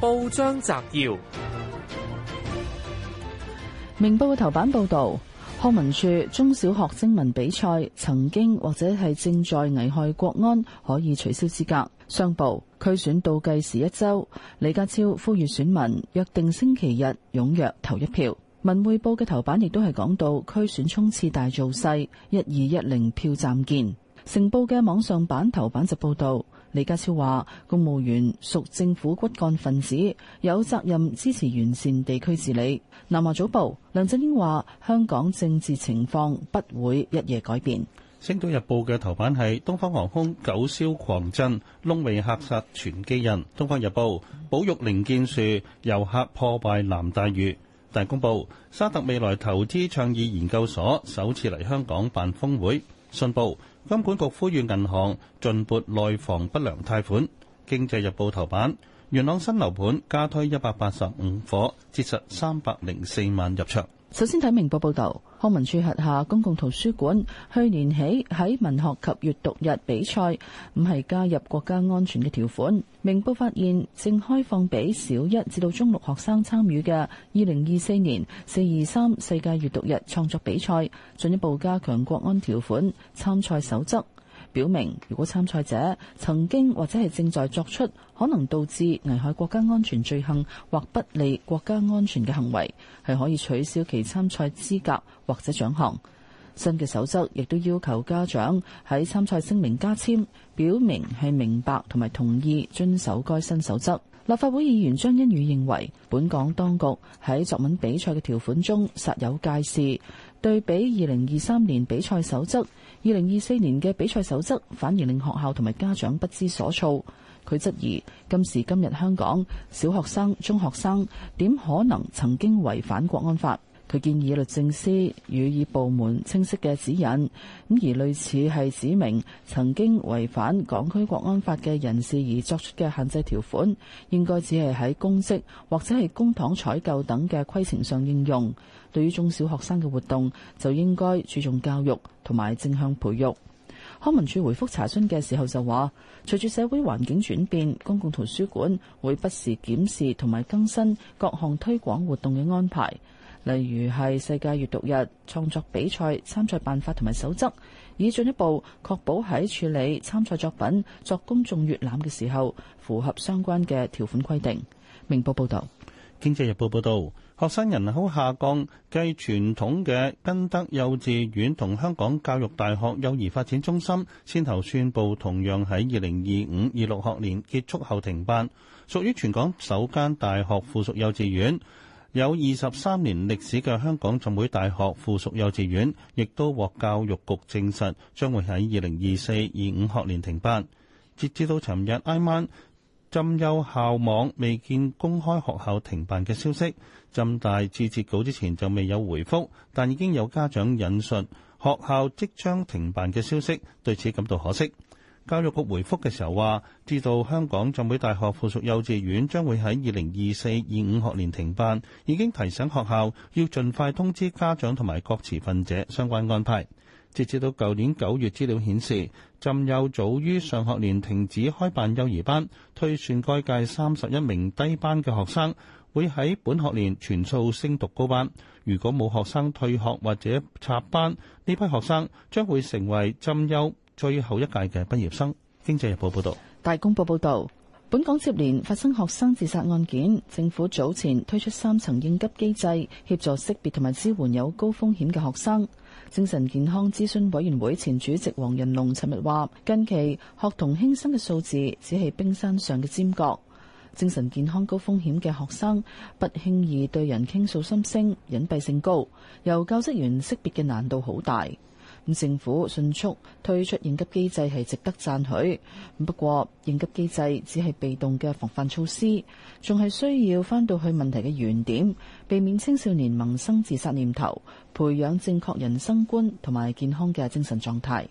報章摘要：明報嘅頭版報道，康文署中小學徵文比賽，曾經或者係正在危害國安，可以取消資格。商報區選倒計時一周，李家超呼籲選民約定星期日踊躍投一票。文匯報嘅頭版亦都係講到區選衝刺大造勢，一二一零票站見。成報嘅網上版頭版就報道，李家超話：公務員屬政府骨幹分子，有責任支持完善地區治理。南華早報梁振英話：香港政治情況不會一夜改變。星島日報嘅頭版係東方航空九霄狂震，窿尾嚇殺全機人。東方日報保育，零件樹遊客破壞南大嶼。大公報沙特未來投資倡議研究所首次嚟香港辦峰會。信報，金管局呼籲銀行盡撥內房不良貸款。經濟日報頭版，元朗新樓盤加推一百八十五伙，折實三百零四萬入場。首先睇明報報道。康文署轄下公共圖書館去年起喺文學及閱讀日比賽，唔係加入國家安全嘅條款。明報發現，正開放俾小一至到中六學生參與嘅二零二四年四二三世界閱讀日創作比賽，進一步加強國安條款參賽守則。表明，如果參賽者曾經或者係正在作出可能導致危害國家安全罪行或不利國家安全嘅行為，係可以取消其參賽資格或者獎項。新嘅守則亦都要求家長喺參賽聲明加簽表明係明白同埋同意遵守該新守則。立法會議員張欣宇認為本港當局喺作文比賽嘅條款中煞有介事，對比二零二三年比賽守則，二零二四年嘅比賽守則反而令學校同埋家長不知所措。佢質疑今時今日香港小學生、中學生點可能曾經違反國安法？佢建議律政司予以部門清晰嘅指引，咁而類似係指明曾經違反港區國安法嘅人士而作出嘅限制條款，應該只係喺公職或者係公帑採購等嘅規程上應用。對於中小學生嘅活動，就應該注重教育同埋正向培育。康文署回覆查詢嘅時候就話，隨住社會環境轉變，公共圖書館會不時檢視同埋更新各項推廣活動嘅安排。例如係世界閱讀日創作比賽參賽辦法同埋守則，以進一步確保喺處理參賽作品作公眾閲覽嘅時候，符合相關嘅條款規定。明報報道。《經濟日報》報道，學生人口下降，繼傳統嘅根德幼稚園同香港教育大學幼兒發展中心先頭宣佈，同樣喺二零二五二六學年結束後停辦，屬於全港首間大學附屬幼稚園。有二十三年歷史嘅香港浸會大學附屬幼稚園，亦都獲教育局證實將會喺二零二四二五學年停辦。截至到尋日挨晚，浸幼校網未見公開學校停辦嘅消息。浸大至截稿之前就未有回覆，但已經有家長引述學校即將停辦嘅消息，對此感到可惜。教育局回覆嘅時候話，知道香港浸會大學附屬幼稚園將會喺二零二四二五學年停辦，已經提醒學校要盡快通知家長同埋各持份者相關安排。截至到舊年九月，資料顯示浸幼早於上學年停止開辦幼兒班，推算該屆三十一名低班嘅學生會喺本學年全數升讀高班。如果冇學生退學或者插班，呢批學生將會成為浸幼。最後一屆嘅畢業生，《經濟日報》報導，《大公報》報導，本港接連發生學生自殺案件，政府早前推出三層應急機制，協助識別同埋支援有高風險嘅學生。精神健康諮詢委員會前主席黃仁龍尋日話，近期學童輕生嘅數字只係冰山上嘅尖角，精神健康高風險嘅學生不輕易對人傾訴心聲，隱蔽性高，由教職員識別嘅難度好大。咁政府迅速推出應急機制係值得讚許，不過應急機制只係被動嘅防範措施，仲係需要翻到去問題嘅原點，避免青少年萌生自殺念頭，培養正確人生觀同埋健康嘅精神狀態。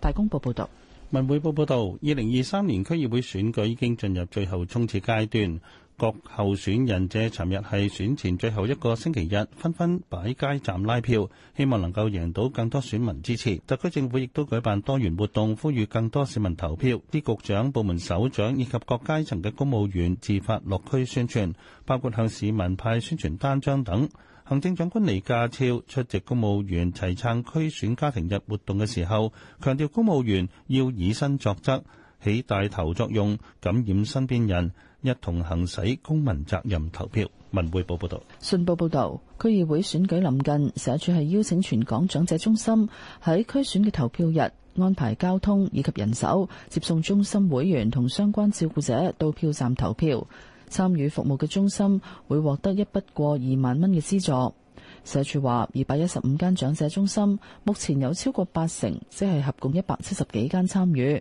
大公報報道，文匯報報道，二零二三年區議會選舉已經進入最後衝刺階段。各候選人借尋日係選前最後一個星期日，紛紛擺街站拉票，希望能夠贏到更多選民支持。特區政府亦都舉辦多元活動，呼籲更多市民投票。啲局長、部門首長以及各階層嘅公務員自發落區宣傳，包括向市民派宣傳單張等。行政長官李家超出席公務員齊撐區選家庭日活動嘅時候，強調公務員要以身作則。起帶頭作用，感染身邊人，一同行使公民責任投票。文匯報報道，信報報道，區議會選舉臨近，社署係邀請全港長者中心喺區選嘅投票日安排交通以及人手接送中心會員同相關照顧者到票站投票。參與服務嘅中心會獲得一筆過二萬蚊嘅資助。社署話，二百一十五間長者中心目前有超過八成，即係合共一百七十幾間參與。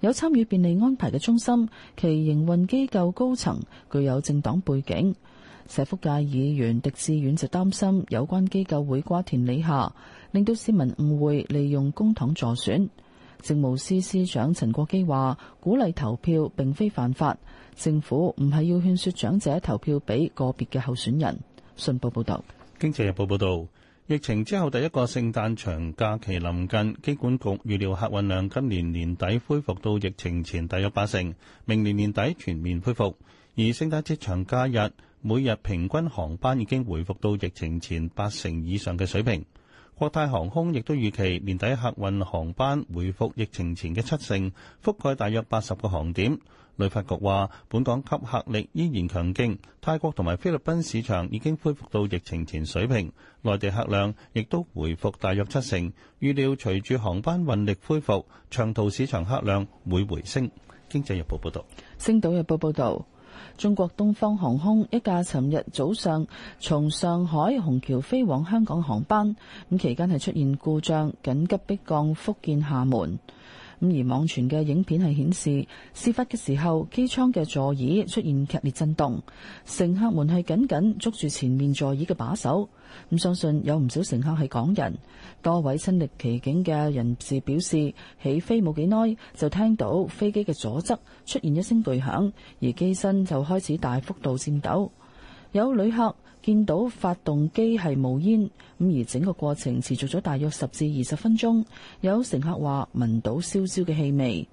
有參與便利安排嘅中心，其營運機構高層具有政黨背景。社福界議員狄志遠就擔心有關機構會瓜田李下，令到市民誤會利用公帑助選。政務司司長陳國基話，鼓勵投票並非犯法，政府唔係要勸説長者投票俾個別嘅候選人。信報報導，《經濟日報》報導。疫情之後第一個聖誕長假期臨近，機管局預料客運量今年年底恢復到疫情前大約八成，明年年底全面恢復。而聖誕節長假日，每日平均航班已經回復到疫情前八成以上嘅水平。國泰航空亦都預期年底客運航班回復疫情前嘅七成，覆蓋大約八十個航點。旅發局話，本港吸客力依然強勁，泰國同埋菲律賓市場已經恢復到疫情前水平，內地客量亦都回復大約七成。預料隨住航班運力恢復，長途市場客量會回升。經濟日報報道。星島日報報道。中國東方航空一架尋日早上從上海虹橋飛往香港航班，咁期間係出現故障，緊急迫降福建廈門。咁而網傳嘅影片係顯示，事發嘅時候，機艙嘅座椅出現劇烈震動，乘客們係緊緊捉住前面座椅嘅把手。咁相信有唔少乘客係港人，多位親歷其境嘅人士表示，起飛冇幾耐就聽到飛機嘅左側出現一聲巨響，而機身就開始大幅度顫抖。有旅客，見到發動機係冒煙，咁而整個過程持續咗大約十至二十分鐘。有乘客話聞到燒焦嘅氣味。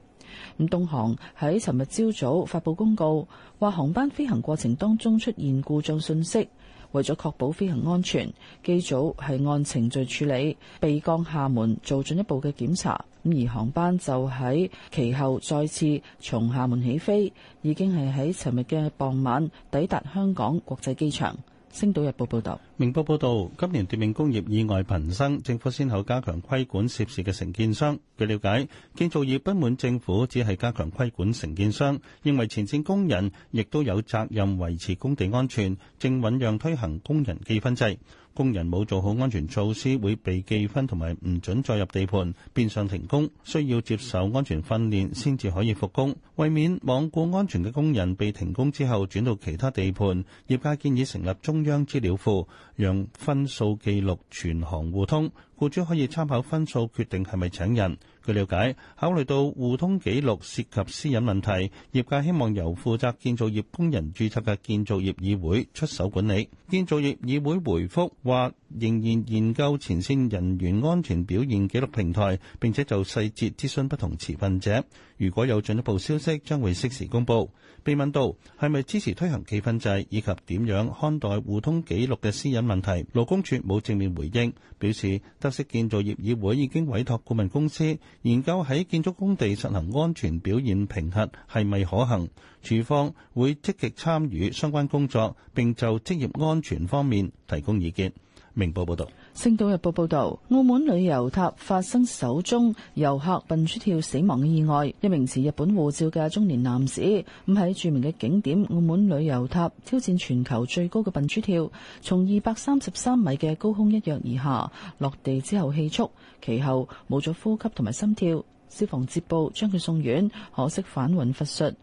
咁東航喺尋日朝早發佈公告，話航班飛行過程當中出現故障信息，為咗確保飛行安全，機組係按程序處理，備降廈門做進一步嘅檢查。咁而航班就喺其後再次從廈門起飛，已經係喺尋日嘅傍晚抵達香港國際機場。星島日報報道，明報報道，今年奪命工業意外頻生，政府先後加強規管涉事嘅承建商。據了解，建造業不滿政府只係加強規管承建商，認為前線工人亦都有責任維持工地安全，正醞釀推行工人記分制。工人冇做好安全措施，會被記分同埋唔准再入地盤，變相停工。需要接受安全訓練先至可以復工。為免罔顧安全嘅工人被停工之後轉到其他地盤，業界建議成立中央資料庫，讓分數記錄全行互通。雇主可以參考分數決定係咪請人。據了解，考慮到互通記錄涉及私隱問題，業界希望由負責建造業工人註冊嘅建造業議會出手管理。建造業議會回覆話，仍然研究前線人員安全表現記錄平台，並且就細節諮詢不同持份者。如果有進一步消息，將會適時公佈。被問到係咪支持推行記分制，以及點樣看待互通記錄嘅私隱問題，勞工處冇正面回應，表示得悉建造業議會已經委託顧問公司研究喺建築工地實行安全表現評核係咪可行，處方會積極參與相關工作，並就職業安全方面提供意見。明報報道，《星島日報》報道，澳門旅遊塔發生首宗遊客笨豬跳死亡嘅意外。一名持日本護照嘅中年男子咁喺著名嘅景點澳門旅遊塔挑戰全球最高嘅笨豬跳，從二百三十三米嘅高空一躍而下，落地之後氣促，其後冇咗呼吸同埋心跳，消防接報將佢送院，可惜返魂乏術。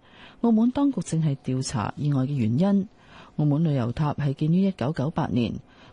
澳門當局正係調查意外嘅原因。澳門旅遊塔係建於一九九八年。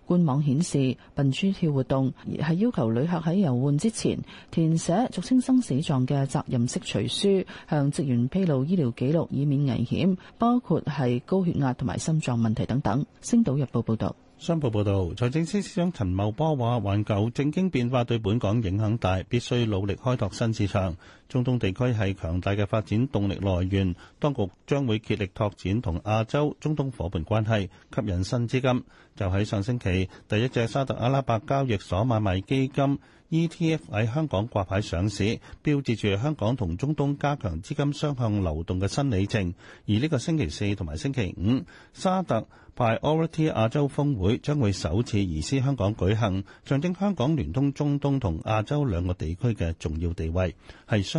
官網顯示，笨豬跳活動而係要求旅客喺遊玩之前填寫俗稱生死狀嘅責任式除書，向職員披露醫療記錄，以免危險，包括係高血壓同埋心臟問題等等。星島日報報道：「商報報道，財政司司長陳茂波話，環球政經變化對本港影響大，必須努力開拓新市場。」中東地區係強大嘅發展動力來源，當局將會竭力拓展同亞洲、中東伙伴關係，吸引新資金。就喺上星期，第一隻沙特阿拉伯交易所買賣基金 ETF 喺香港掛牌上市，標誌住香港同中東加強資金雙向流動嘅新里程。而呢個星期四同埋星期五，沙特 Priority 亞洲峰會將會首次移師香港舉行，象徵香港聯通中東同亞洲兩個地區嘅重要地位，係雙。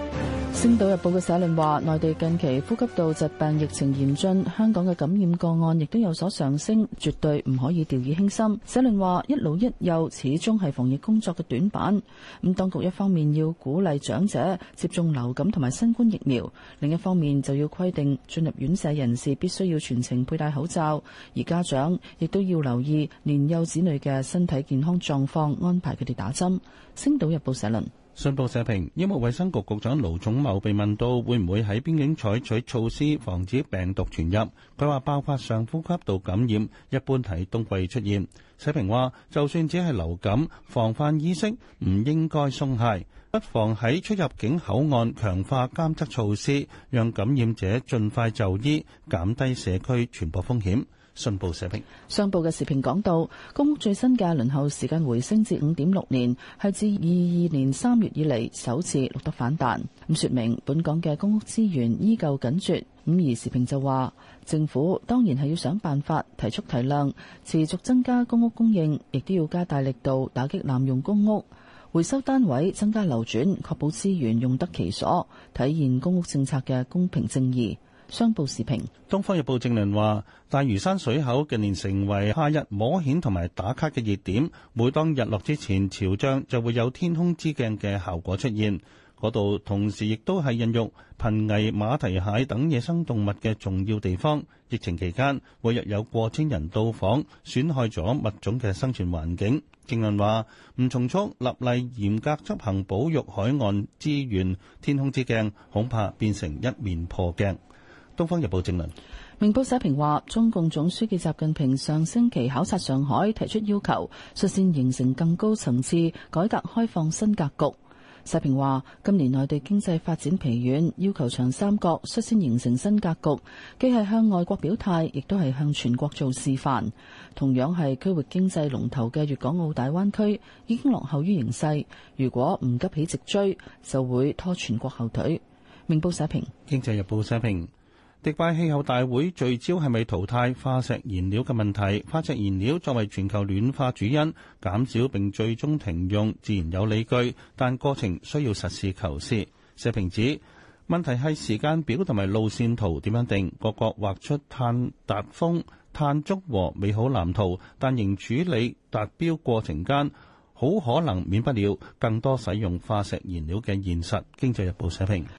星島日報嘅社論話，內地近期呼吸道疾病疫情嚴峻，香港嘅感染個案亦都有所上升，絕對唔可以掉以輕心。社論話，一老一幼始終係防疫工作嘅短板。咁當局一方面要鼓勵長者接種流感同埋新冠疫苗，另一方面就要規定進入院舍人士必須要全程佩戴口罩，而家長亦都要留意年幼子女嘅身體健康狀況，安排佢哋打針。星島日報社論。信報社評，醫務衛生局局長盧寵茂被問到會唔會喺邊境採取措施防止病毒傳入，佢話爆發上呼吸道感染一般喺冬季出現。社評話，就算只係流感，防範意識唔應該鬆懈，不妨喺出入境口岸強化監測措施，讓感染者盡快就醫，減低社區傳播風險。信報社評上報嘅時評講到，公屋最新嘅輪候時間回升至五點六年，係自二二年三月以嚟首次錄得反彈。咁說明本港嘅公屋資源依舊緊缺。咁而時評就話，政府當然係要想辦法提速提量，持續增加公屋供應，亦都要加大力度打擊濫用公屋、回收單位、增加流轉，確保資源用得其所，體現公屋政策嘅公平正義。商報時評，《東方日報》政論話：大嶼山水口近年成為夏日摸蜆同埋打卡嘅熱點。每當日落之前潮漲，就會有天空之鏡嘅效果出現。嗰度同時亦都係孕育瀕危馬蹄蟹等野生動物嘅重要地方。疫情期間，每日有過千人到訪，損害咗物種嘅生存環境。政論話：唔從速立例，嚴格執行保育海岸資源，天空之鏡恐怕變成一面破鏡。《東方日報》正論：「明報社評話，中共總書記習近平上星期考察上海，提出要求，率先形成更高層次改革開放新格局。社評話，今年內地經濟發展疲軟，要求長三角率先形成新格局，既係向外國表態，亦都係向全國做示範。同樣係區域經濟龍頭嘅粵港澳大灣區已經落後於形勢，如果唔急起直追，就會拖全國後腿。」明報社評，《經濟日報》社評。迪拜氣候大會聚焦係咪淘汰化石燃料嘅問題？化石燃料作為全球暖化主因，減少並最終停用自然有理據，但過程需要實事求是。社評指問題係時間表同埋路線圖點樣定？各國畫出碳達峰、碳中和美好藍圖，但仍處理達標過程間，好可能免不了更多使用化石燃料嘅現實。經濟日報社評。